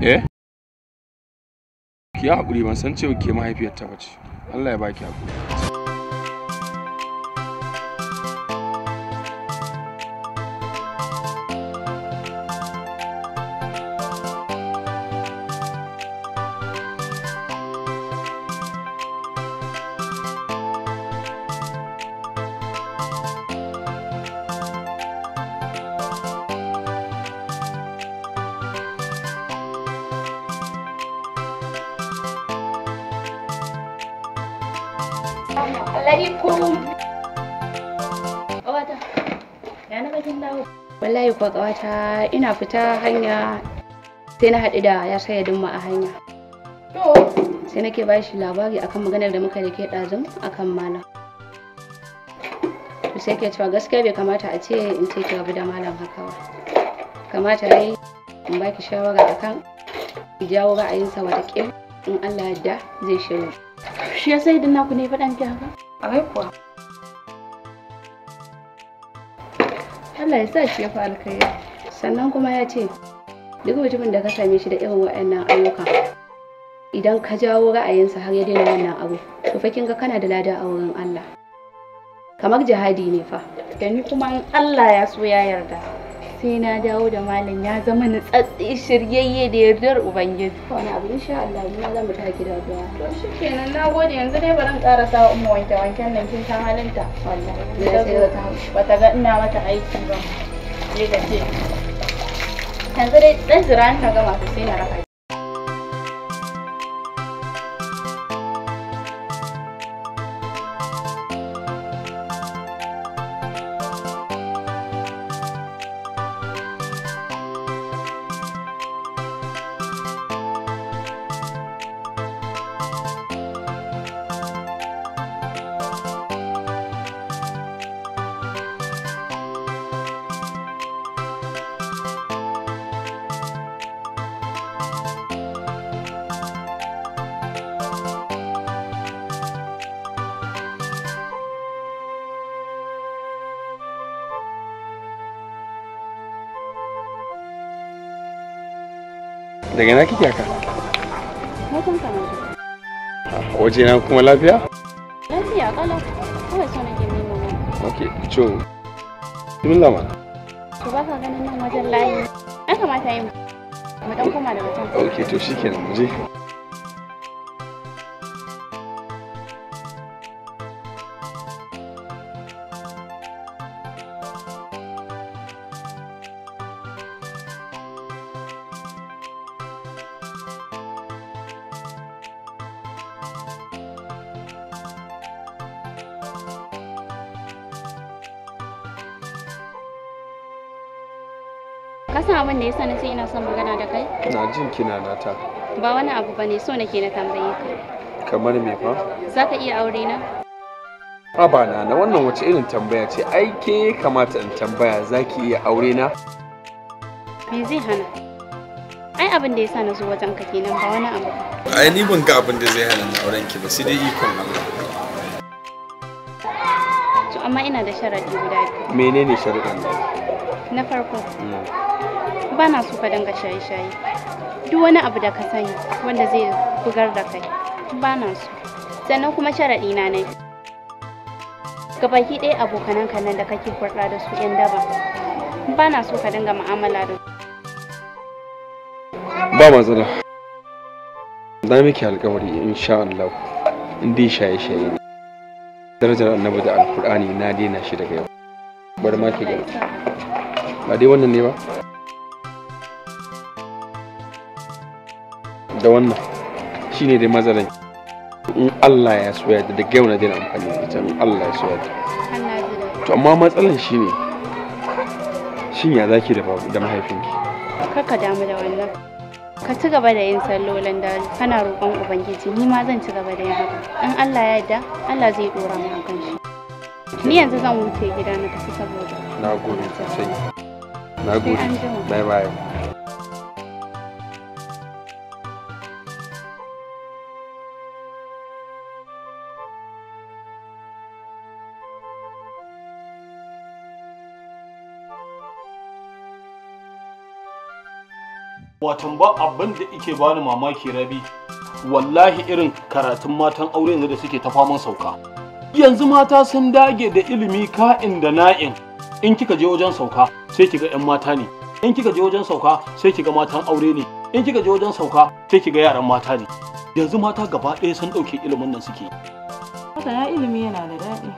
eh ki haƙuri ban san cewa ke mahaifiyarta ba ce Allah ya baki haƙuri ina fita hanya sai na haɗu da ya saya dimma a hanya sai nake ba shi labari akan maganar da muka da ke ɗazun akan malam to sai ke cewa gaskiya bai kamata a ce in ce ki rabu da malam haka ba kamata ne in ba ki shawara akan ki jawo ra'ayinsa ƙin in Allah yadda zai shiru. shi ya sai ku ne faɗan ki haka akwai kuwa Allah ya sa shi ya fi alkhairi sannan kuma ya ce duk mutumin da ka same shi da irin waɗannan ayyuka idan ka jawo ra'ayinsa har ya daina wannan abu to fa kin ga kana da lada a wurin Allah kamar jihadi ne fa da ni kuma Allah ya so ya yarda sai na dawo da malam ya zama ni tsatsi shiryayye da yardar ubangiji wani abu insha Allah mu zan mu tafi da ruwa to shikenan nagode yanzu dai baran karasa wa umma wanke wanken nan kin san halinta wallahi ba ta ga ina mata aiki ba ne da ce yanzu dai dan jira ka gama to raka daga ina kike haka mutum ka na waje na kuma lafiya lafiya kala kawai so nake nemo ne okay to kin lama to ba ka ganin nan wajen layi ya kamata yi mu dan koma daga can okay to shikenan mu je ka san abin da ya sani sai ina son magana da kai na jin kina nata ba wani abu bane so nake na tambaye ka kamar me fa Za ka iya aure na Aba na na wannan wace irin tambaya ce ai ke kamata in tambaya za ki iya aure na me zai hana ai abin da ya sani zo wajen ka kenan ba wani abu ai ni ban ga abin da zai hana na auren ki ba sai dai ikon Allah to amma ina da sharadi guda biyu menene sharadin na farko hmm. ba na so ka dinga shaye-shaye duk wani abu da ka sani wanda zai bugar da kai ba na so sannan kuma sharaɗi na ne gabaki ɗaya abokanan ka nan da kake kurɗa da su yan daba ba na so ka dinga mu'amala da ba matsala na miki alƙawari insha Allah in dai shaye-shaye ne darajar annabi da alkur'ani na daina shi daga yau bar ma ke gani ba dai wannan ne ba da wannan shine dai mazarin in Allah ya so ya da gauna dina amfani da ita in Allah ya so ya to amma matsalan shine shin ya zaki da da mahaifinki ka damu da wannan ka ci gaba da yin sallolin da kana roƙon ubangiji ni ma zan ci gaba da yin haka in Allah ya yarda Allah zai dora mu hakan shi ni yanzu zan wuce gida na tafi saboda na gode sosai na gode bye bye watan ba abin da ike bani mamaki rabi wallahi irin karatun matan aure yanzu da suke ta faman sauka yanzu mata sun dage da ilimi ka'in da na'in in kika je wajen sauka sai kiga yan mata ne in kika je wajen sauka sai kiga matan aure ne in kika je wajen sauka sai kiga yaran mata ne yanzu mata gaba ɗaya sun ɗauke ilimin nan suke haka ya ilimi yana da daɗi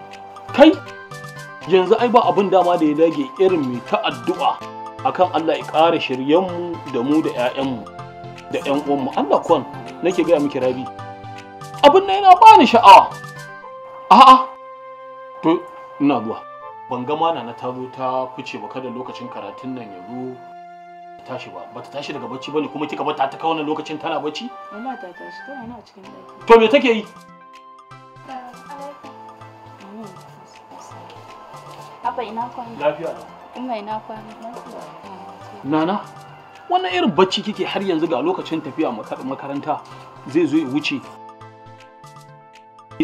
kai yanzu ai ba abin dama da ya dage irin mai ta addu'a akan Allah ya ƙara shiryenmu da mu da 'ya'yanmu da 'yan uwanmu Allah kwan nake gaya miki rabi abin nan yana bani sha'awa a'a to ina zuwa ban ga mana na tazo ta fice ba kada lokacin karatun nan ya zo tashi ba bata tashi daga bacci bane kuma kika bata ta kai wannan lokacin tana bacci amma ta tashi tana nan a cikin daki to me take yi Abba ina kwana. Lafiya. Umma ina kwana lafiya. Nana, wannan irin bacci kike har yanzu ga lokacin tafiya makaranta zai zo ya wuce.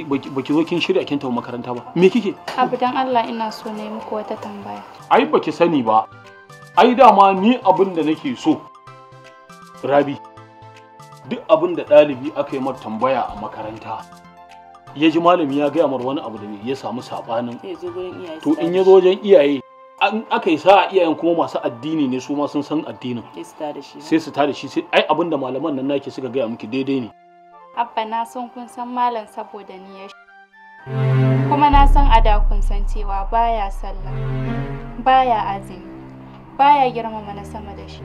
Baki zo kin shirya kin tafi makaranta ba. Me kike? Abu dan Allah ina so ne muku wata tambaya. Ai baki sani ba. Ai dama ni abin da nake so. Rabi. Duk abin da ɗalibi aka yi mar tambaya a makaranta. ya ji malami ya gaya mar wani abu da ya samu sabanin to in ya zo wajen iyaye aka yi sa'a iyayen kuma masu addini ne su ma sun san addinin sai su tada shi ai abin da malaman nan nake suka gaya miki daidai ne abba na san kun san malam saboda ni ya kuma na san ada kun san cewa baya sallah baya azumi baya girmama na sama da shi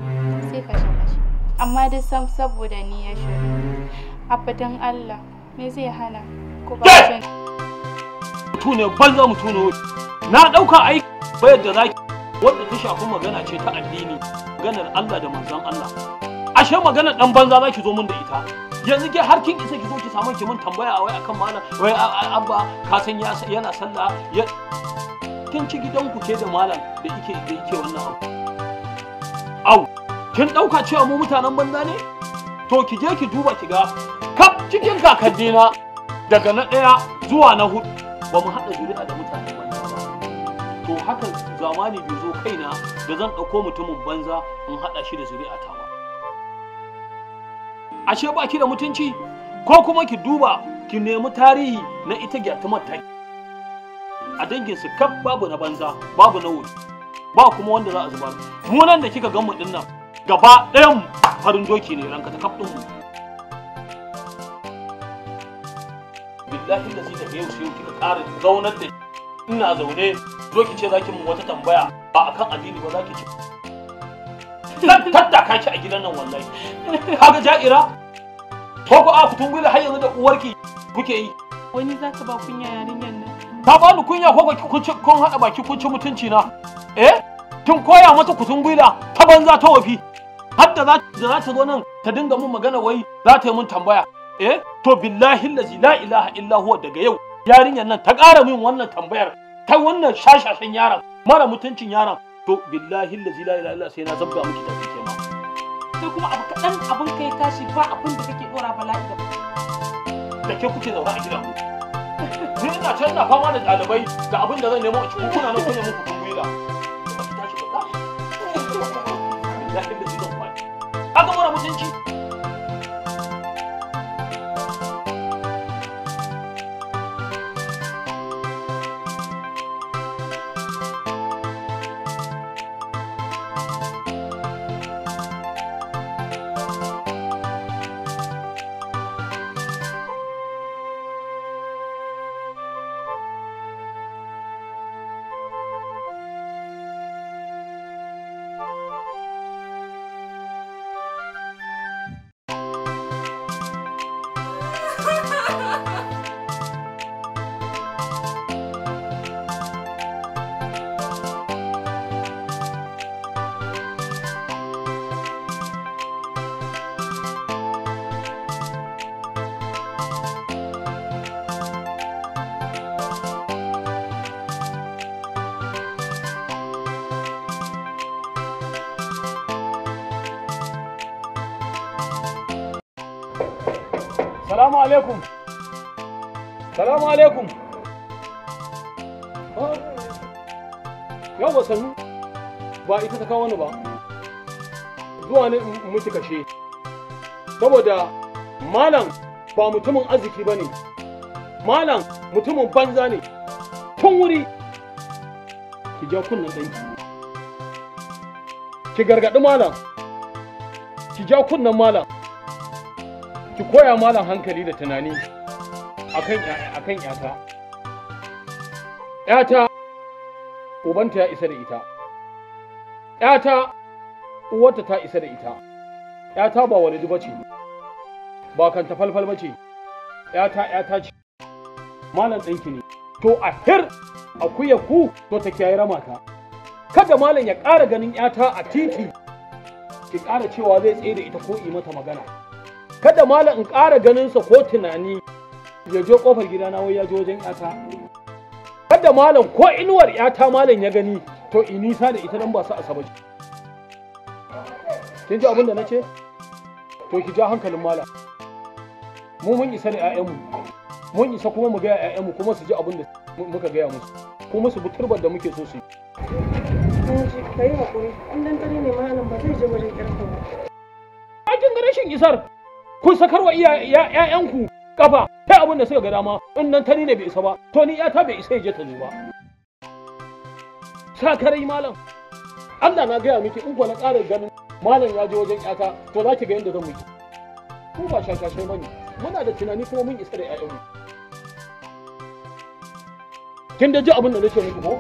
sai ka shiga shi amma duk san saboda ni ya shiru abba dan Allah me zai hana ku ba shi tune banza mu na dauka aiki tambayar da zaki wanda ta shafi magana ce ta addini maganar Allah da manzon Allah ashe maganar dan banza zaki zo mun da ita yanzu ke har kin isa ki zo ki samu ki mun tambaya wai akan malam wai abba ka san yana sallah ya kin ci gidanku ke da malam da yake da yake wannan abu au kin dauka cewa mu mutanen banza ne to ki je ki duba ki ga kap cikin kakaddina daga na daya zuwa na hudu ba mu haɗa juri'a da mutane to hakan zamani bai zo kaina da zan ɗauko mutumin banza in haɗa shi da zuri'a ta ba ashe ba ki da mutunci ko kuma ki duba ki nemi tarihi na ita gyatumar ta a danginsu kaf babu na banza babu na wuri ba kuma wanda za a zubar mu nan da kika gan mu nan, gaba ɗayan farin doki ne ranka ta kaf ɗin mu billahi da shi daga yau sai kika ƙara zaunar da ina zaune doki ce zaki mu wata tambaya ba akan addini ba zaki ci tatta ka tattaka ki a gidan nan wallahi kaga ja'ira ko ku a fitun gwiwa har yanzu da uwarki kuke yi wani za ka ba kunya yarinyar nan ta ba ni kunya ko kun haɗa baki kun ci mutunci na eh kin koya mata kutun gwiwa ta banza ta wafi har da za ta zo nan ta dinga mun magana wai za ta yi mun tambaya eh to billahi la ilaha illa huwa daga yau yarinyar nan ta ƙara min wannan tambayar kai wannan shashashin yaron mara mutuncin yaron to billahi lazi la ilaha illa sai na zabga miki da kike ma sai kuma abu kadan abin kai tashi ba abin da kake dora bala'i da da ke kuke zaune a gidan ku ni ina can ina fama da ɗalibai da abin da zan nemo a cikin kuna na kunya muku kungila ba ki tashi ba za ki aka mara mutunci salamu alaikum salamu alaikum ah. yau ba sanu ba ita ta kawo ni ba zuwa ne in kashe saboda malam ba mutumin arziki ba ne malam mutumin banza ne tun wuri ki ja kunnen danki ki gargaɗi malam ki ja kunnen malam ki koya malam hankali da tunani akan akan yata yata ubanta ya isa da ita yata uwarta ta isa da ita yata ba walidi ce, ba kan ta falfal bace yata yata ce malam ɗanki ne to a hir akuya ku to ta kiyaye ramata kada malam ya ƙara ganin yata a titi ki ƙara cewa zai tsaye da ita ko yi mata magana kada malam in ƙara ganinsa ko tunani ya je ƙofar gidana wai ya je wajen ƴata kada malam ko inuwar ƴata malam ya gani to in nisa da ita dan ba su asaba kin ji abin da na ce to ki ja hankalin malam mu mun isa da ƴaƴanmu mun isa kuma mu gaya ƴaƴanmu kuma su ji abin da muka gaya musu kuma su bi da muke so su yi yi hakuri in dan tare ne malam ba zai je wajen ƙarfa ba kin ga rashin isar kun sakar sakarwa ‘ya'yanku kafa kai abin da suka ga dama in nan tani ne bai isa ba to ni ta bai isa ya je ta zo ba sakarai malam Allah na gaya miki in ko na ƙara ganin malam ya je wajen ƴata to za ki ga yadda zan miki ku ba shashashai bane muna da tunani kuma mun isa da ƴaƴanmu kin da ji abin da nake miki ko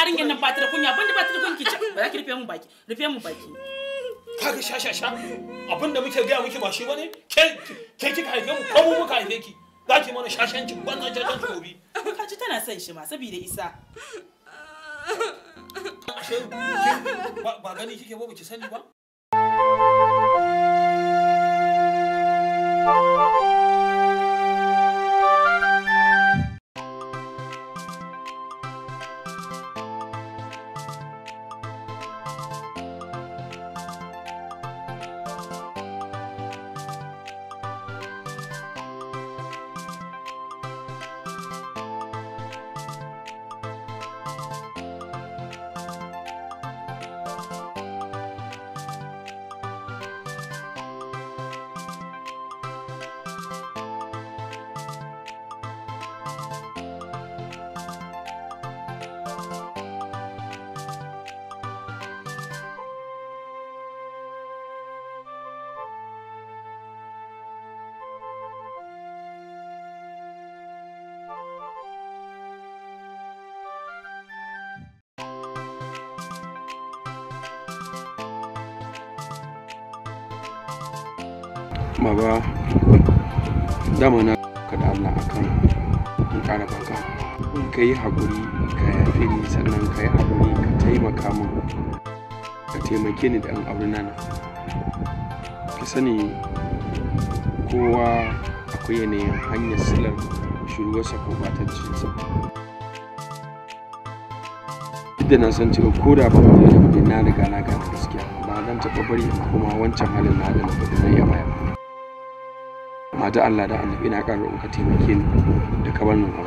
yarinyar nan ba ta da kunya ban da ba ta da kunki ki ba za ki rufe mu baki rufe mu baki kaga sha sha sha abin da muke ga muke ba shi bane ke ke ki ka haife mu ko mu muka haife ki za ki mana shashanci ban na jajan gobe ka ji tana son shi ma saboda isa ashe ba gani kike ba ki sani ba Thank you. baba dama na ka da Allah akan kan ƙara baka in ka yi haƙuri ka yafe ni sannan ka yi haƙuri ka taimaka min ka taimake ni da ɗan aure na ka sani kowa akwai yanayin hanyar silar shiruwarsa ko bataccinsa da na san cewa ko da ba ku da na riga na gaskiya ba zan taɓa bari kuma wancan halin na da na ba ya baya mata Allah da annabi ina ƙara ka taimake ni da ka bar abu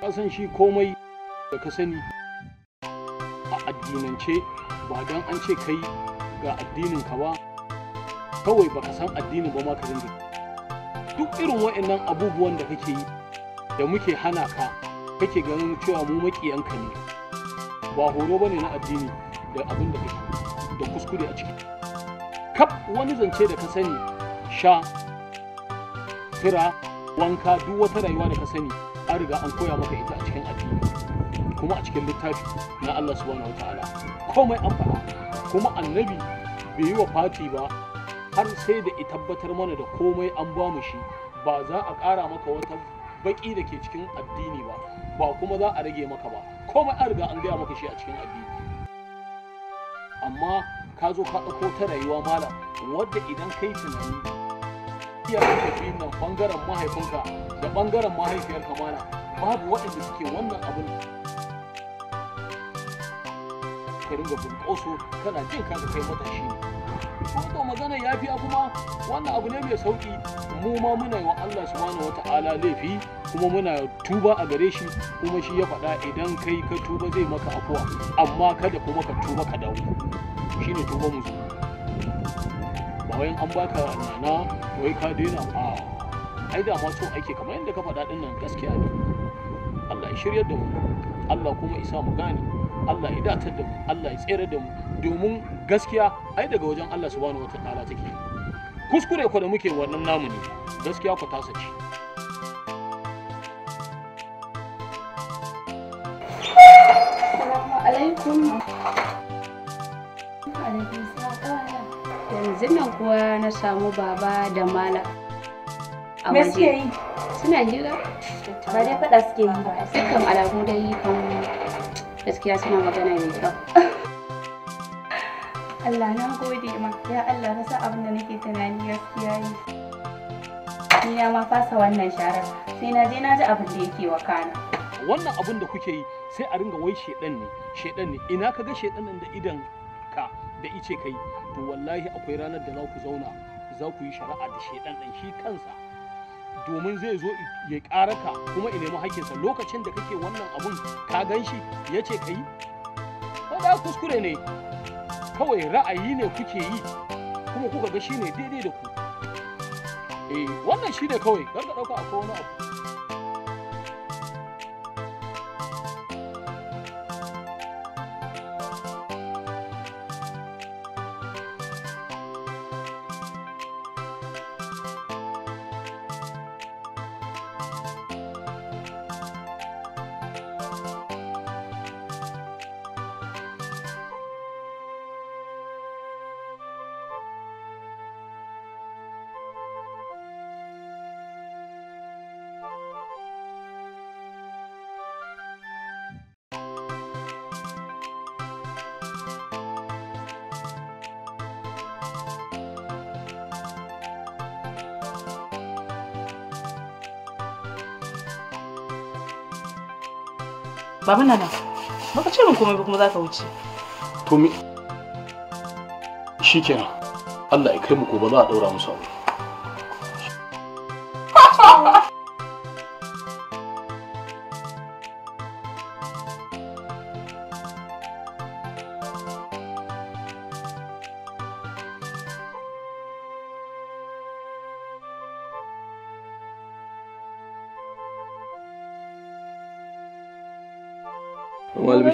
a ka san shi komai da ka sani a addinance ba dan an ce kai ga addinin ka ba kawai ba ka san addini ba ma ka duk irin wa'annan abubuwan da kake yi da muke hana ka kake ganin cewa mu maƙiyanka ne ba horo ba ne na addini da abin da kake da kuskure a ciki kaf wani zance da ka sani sha kira wanka duk wata rayuwa da ka sani an riga an koya maka ita a cikin addini kuma a cikin littafi na Allah subhanahu ta'ala komai an faɗa kuma annabi bai yi wa fati ba har sai da ita tabbatar mana da komai an ba mu shi ba za a ƙara maka wata baƙi da ke cikin addini ba ba kuma za a rage maka ba komai an riga an gaya maka shi a cikin addini amma ka zo ka ɗauko ta rayuwa malam wadda idan kai tunani iya kake nan ɓangaren mahaifinka da bangaren mahaifiyarka malam babu waɗanda suke wannan abin ka ringa bunƙoso kana jin kanka kai matashi ko magana yafi a kuma wannan abu ne mai sauƙi mu ma muna yi wa Allah subhanahu wata'ala laifi kuma muna tuba a gare shi kuma shi ya faɗa idan kai ka tuba zai maka afuwa amma kada kuma ka tuba ka dawo Shi ne tuba mu zo ba an baka nana wai ka daina a ai da ma so ake kamar yadda ka faɗa dinnan nan gaskiya ne Allah ya shiryar da mu Allah kuma isa mu gane Allah ya datar da mu Allah ya tsere da mu domin gaskiya ai daga wajen Allah subhanahu wataala take kuskure ko da muke wannan namu ne gaskiya ku tasa ce kuwa na samu baba da mala a suke yi? Suna hira. Ba dai faɗa suke yi ba. Sukan alamu dai kan gaskiya suna magana mai kyau. Allah na gode ma. Ya Allah na sa abin da nake tunani gaskiya yi. Ni na ma fasa wannan sharar. Sai na je na ji abin da yake wakana. Wannan abin da kuke yi sai a ringa wai shedan ne, shedan ne. Ina ka ga shedan nan da idan da ice kai to wallahi akwai ranar da za ku zauna za ku yi shari'a da shaidan ɗan shi kansa domin zai zo ya ƙaraka kuma ya nemi hakkinsa lokacin da kake wannan abun ka gan shi ya ce kai yi da kuskure ne kawai ra'ayi ne kuke yi kuma kuka ga shi ne daidai da ku eh wannan shi ne kawai ka ɗauka akwai wani abu Baba Nana, baka ce min komai ba kuma za ka wuce. To shi Shikenan. Allah ya kai mu ba za a daura musu aure.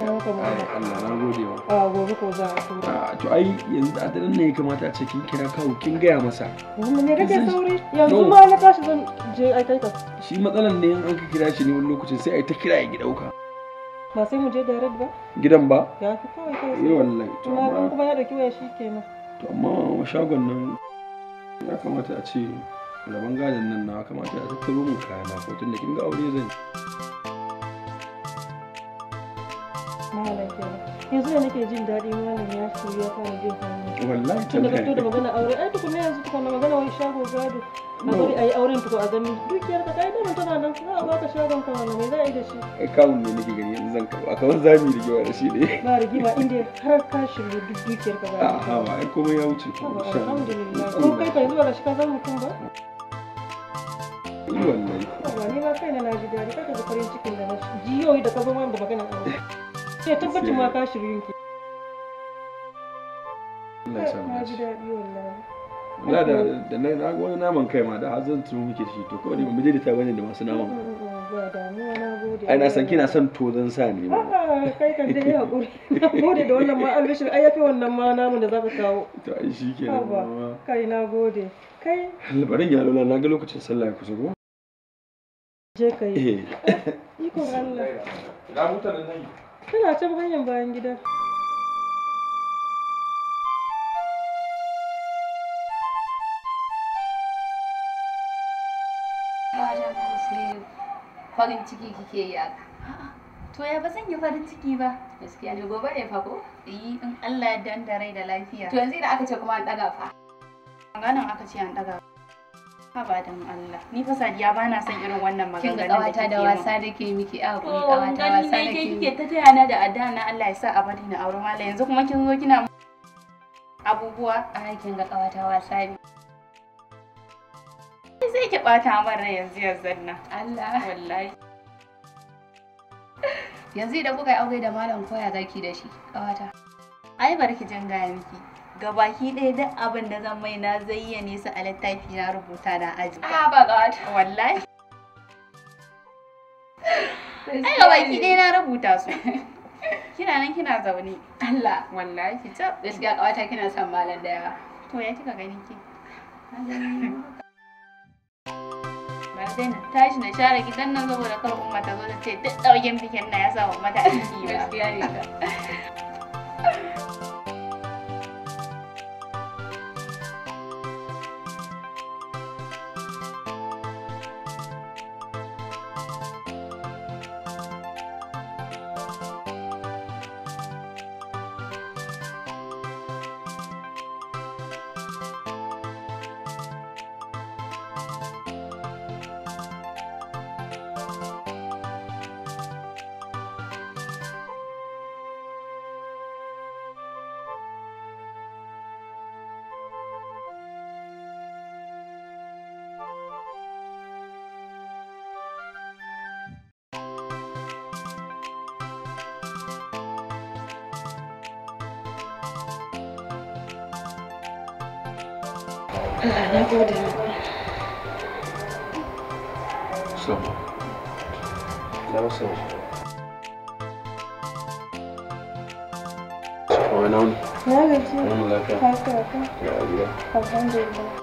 Allah na gode wa. A ah, gobe ko za a ah, To ai yanzu da adiran ne ya kamata a ce kin kira kawo kin gaya masa. ne sauri yanzu ma na tashi zan je ka. Shi matsalan ne in an ka kira shi ne wani lokacin sai ai ta kira ya ki Ba sai mu je direct ba? Gidan ba? Ya fi kawai kawai. Eh wallahi. Kuma kuma ya dauki waya shi kenan. To amma shagon nan ya kamata a ce laban gadon nan na kamata a tattaro mu kayana ko da kin ga aure zan. yanzu da nake jin daɗi malam ya shirya ya fara jin hannu wallahi tun da ka fito da magana aure ai tukuna yanzu tukuna magana wai shago gado a bari a yi auren tuku a gani dukiyar ka kai dama tana nan za a baka shagon ka wani me za a yi da shi ai kawun ne nake gani yanzu zan karɓa kamar zami rigima da shi ne ba rigima inda har ka shirya duk dukiyar ka za a ha ba ai komai ya wuce alhamdulillah ko kai ka yanzu ba shi ka san mutum ba wallahi ba ni ba kai na ji daɗi kada da farin cikin da na ji yau da ka zo da magana aure Ya tabbata ma ka shirin ki. Allah ya da da na na wani naman kai ma da hazan tun muke shi to kawai mu je da ta bane da masu naman. Mm, mm, mm, ba damuwa na gode. Ai na san kina son tozan sa ne ma. Kai kan dai hakuri. gode da wannan ma albishir ai yafi wannan ma naman da zaka kawo. To ai shikenan Kai na gode. Kai. Labarin ya lola na ga lokacin sallah kusa Je kai. Eh. Ah, Iko Allah. Na mutanen nan. Kana can hanyar bayan gida. farin ciki kike yi aka. To ya ba zan yi farin ciki ba. Gaskiya ne gobe ne fa ko? Yi eh, in Allah ya danda rai da lafiya. To yanzu idan aka ce kuma an daga fa. Ganin aka ce an daga Haba Allah. Ni fa Sadiya ba na son irin wannan maganganun da kike da wasa da ke miki a ku kawata wasa da ke. kike ta taya na da adda na Allah ya sa a bari ni aure mala yanzu kuma kin zo kina abubuwa a kin ga kawata wasa ne. Sai ki bata min rai yanzu yanzu nan. Allah. Wallahi. Yanzu idan kuka yi aure da malam koya zaki da shi kawata. Ai barki jin gaya miki. gabaki ɗaya duk abin da zan mai na zayyane su a littafi na rubuta na aji ah ba god wallahi ai gabaki ɗaya na rubuta su kina nan kina zaune Allah wallahi ki ta gaskiya kawata kina son malam da yawa to ya kika gani ki sai na tashi na share gidan nan saboda kar umma ta zo ta ce duk ɗauyen bikin na ya sa umma ta aiki ba. Allah na gode maka. So, na wasu yanzu. Wani wani? Na